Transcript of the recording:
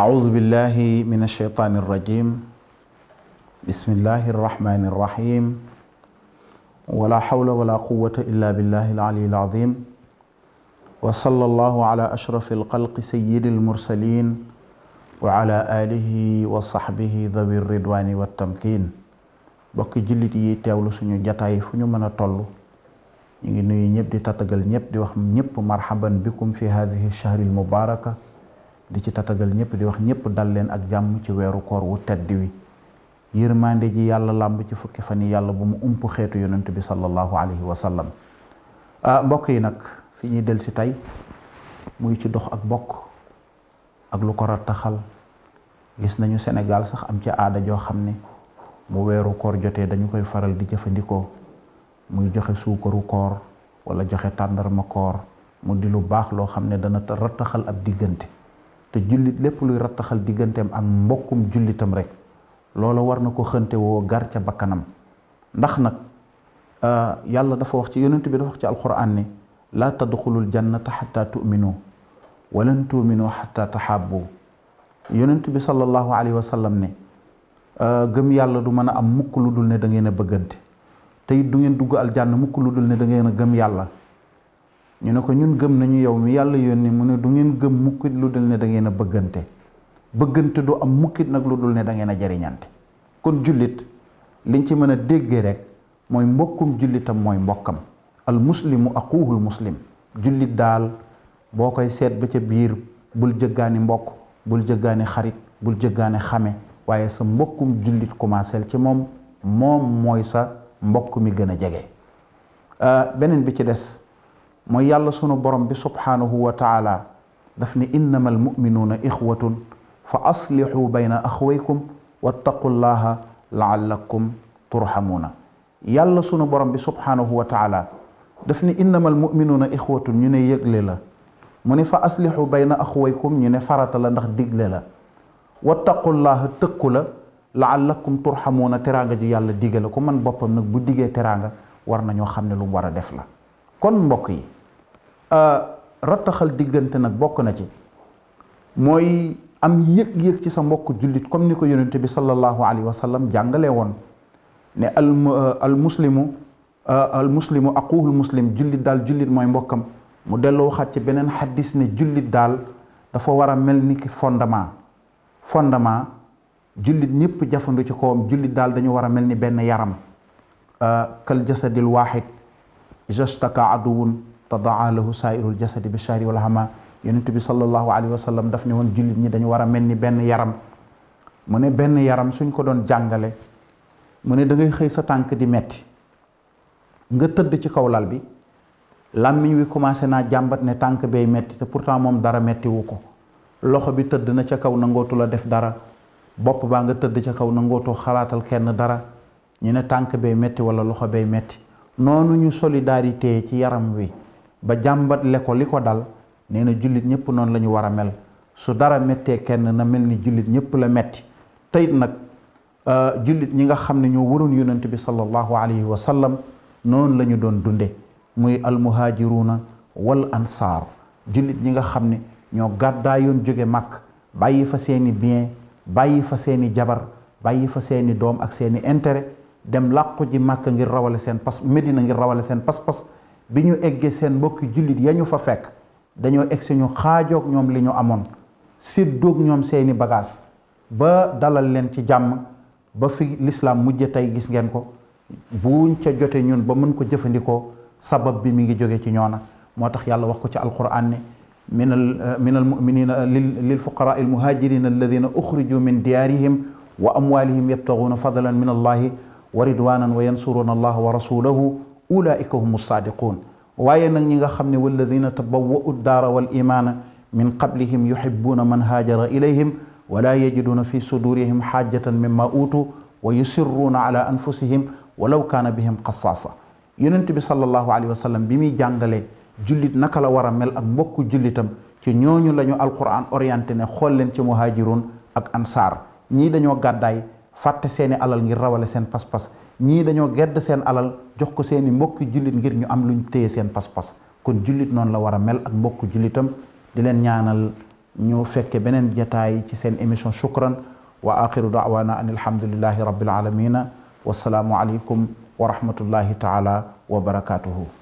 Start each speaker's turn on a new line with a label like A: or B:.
A: أعوذ بالله من الشيطان الرجيم بسم الله الرحمن الرحيم ولا حول ولا قوة إلا بالله العلي العظيم وصلى الله على أشرف الخلق سيد المرسلين وعلى آله وصحبه ذوي الرضوان والتمكين بك جلت يي تيولو سونو جاتاي فونو مانا تولو ñi ngi nuyu ñëpp di tatagal ñëpp di wax ñëpp marhaban bikum fi hadhihi ash-shahr al-mubarakah di ci tatagal ñëpp di wax ñëpp dal leen ak jàmm ci weeru koor wu tedd wi yërmande ji yàlla làmb ci fukki fan yi yàlla bu mu ump xeetu yonent bi sallallahu alayhi wa sallam mbokk yi nag fi ñuy del si tey muy ci dox ak bokk ak lu ko rattaxal gis nañu Sénégal sax am ci aada joo xam ne mu weeru koor jotee dañu koy faral di jëfandikoo muy joxe suukaru koor wala joxe tàndarma koor mu di lu baax loo xam ne dana rattaxal ab diggante te jullit lépp luy rattaxal digganteem ak mbokkum jullitam rek loola war na ko xënte woo gar ca bakkanam ndax nag euh, yàlla dafa wax ci yonent bi dafa wax ci alquran ni laa tadxulul jannata xata tuminu walan tuminu xata taxaabu yonent bi salallahu alayhi ne euh, gëm yàlla du mën a am mukk lu dul ne da ngeen a bëggante tey du ngeen dugg al aljanna mukk lu dul ne da ngeen a gëm yàlla ñu ne ko ñun gëm nañu yow mi yàlla ni mu ne du ngeen gëm mukkit lu dul ne dangeen a bëggante bëggante du am mukkit nag lu dul ne da ngeen a jariñante kon jullit liñ ci mën a déggee rek mooy mbokkum jullitam mooy mbokkam al muslimu aquhul muslim jullit daal boo koy seet ba ca biir bul jëggaani mbokk bul jëggaani xarit bul jëggaani xame waaye sa mbokkum jullit commencé ci moom moom mooy sa mbokk mi gën a jege euh, beneen bi ci des mooy yàlla sunu borom bi subhaanahu wa taala daf ni innama almuminuuna ixwatun fa aslixuu bayna axwaykum wattaqullaha laallakum turhamuuna yàlla sunu borom bi subhaanahu wa taala daf ne innama almuminuuna ixwatun ñu ne yëgle la mu ne fa aslixu bayna axwaykum ñu ne farata la ndax digle la wattaqullaha tëkku la laallakum turhamuuna teraanga ju yàlla digale ko man boppam nag bu digee teraanga war na nañoo xam ne lu war a def la kon mbokk yi euh, rattaxal diggante nag bokk na ci mooy am yëg-yëg ci sa mbokk jullit comme ni ko yonente bi sallallahu alayhi wa sallam jàngalee woon ne al euh, al muslimu euh, al muslimu aquhul jullit daal jullit mooy mbokkam mu delloo waxaat ci beneen xaddis ne jullit daal dafa war a mel ni ki fondement fondement jullit ñëpp jafandu ci kawam jullit daal dañu war a mel ni benn yaram kal istaka aduwun tadaa lahu sairul jasadi bi shari wal hama yonent bi sallallahu alayhi wa sallam daf ne woon jullit ñi dañu war a mel ni benn yaram mu ne benn yaram suñ ko doon jàngale mu ne da ngay xëy sa tànk di metti nga tëdd ci kaw lal bi làmmiñ wi commencé naa jàmbat ne tànk bay metti te pourtant moom dara metti ko loxo bi tëdd na ca kaw nangootu la def dara bopp baa nga tëdd ca kaw nangootoo xalaatal kenn dara ñu ne tànk bay metti wala loxo bay metti noonu ñu solidarité ci yaram wi ba jàmbat ko li ko dal neena na jullit ñëpp noonu lañu ñu war a mel su dara méttee kenn na mel ni jullit ñëpp la metti teyit nag euh, jullit ñi nga xam ne ñoo waroon yonent bi sallallahu alayhi wa sallam noonu la doon dunde muy almuhaajiruuna wal ansaar jullit ñi nga xam ne ñoo gàddaayoon jóge màkk bàyyi fa seeni bien bàyyi fa seeni jabar bàyyi fa seeni doom ak seeni intérêt dem làqu ji màkk ngir rawale seen pas Medina ngir rawale seen pas-pas bi ñu eggee seen mbokki jullit ya ñu fa fekk dañoo egg si ñu xaajoog ñoom li ñu amoon séddoog ñoom seeni bagage ba dalal leen ci jàmm ba fi lislaam mujje tey gis ngeen ko buñ ca jote ñun ba mën ko jëfandikoo sabab bi mu ngi jógee ci ñoo na moo tax yàlla wax ko ci alquran ne min al min al muminina lil fuqaraa al muhajirina alladina uxrijuu min diyaarihim wa amwaalihim yabtaguuna fadlan min allahi wa ridwanan wa yansuruna allah wa rasulahu ulaika hum saadiqun waaye nag ñi nga xam ne walladina tabawwau daara wal imaana min qablihim yuhibbuna man haajara ilayhim wala yajiduna fi sudurihim xaajatan mimma utu wa yusirruuna ala anfusihim walaw kaana bihim xasaasa yonent bi sallallahu alayhi wa sallam bi muy jàngale jullit naka la war a mel ak mbokku jullitam ci ñooñu la ñu alquran orienté ne xool leen ci muhaajiroon ak ansaar ñii dañoo gàddaay fàtte seeni alal ngir rawale seen pas-pas ñii dañoo gedd seen alal jox ko seeni mbokki jullit ngir ñu am lu ñu téye seen pas-pas kon jullit noonu la war a mel ak mbokku jullitam di leen ñaanal ñu fekke beneen jataay ci seen émission shukran wa axiru daawana an alhamdulillahi rabbil alamina wasalaamu aleykum wa rahmatullahi taala wa barakatuhu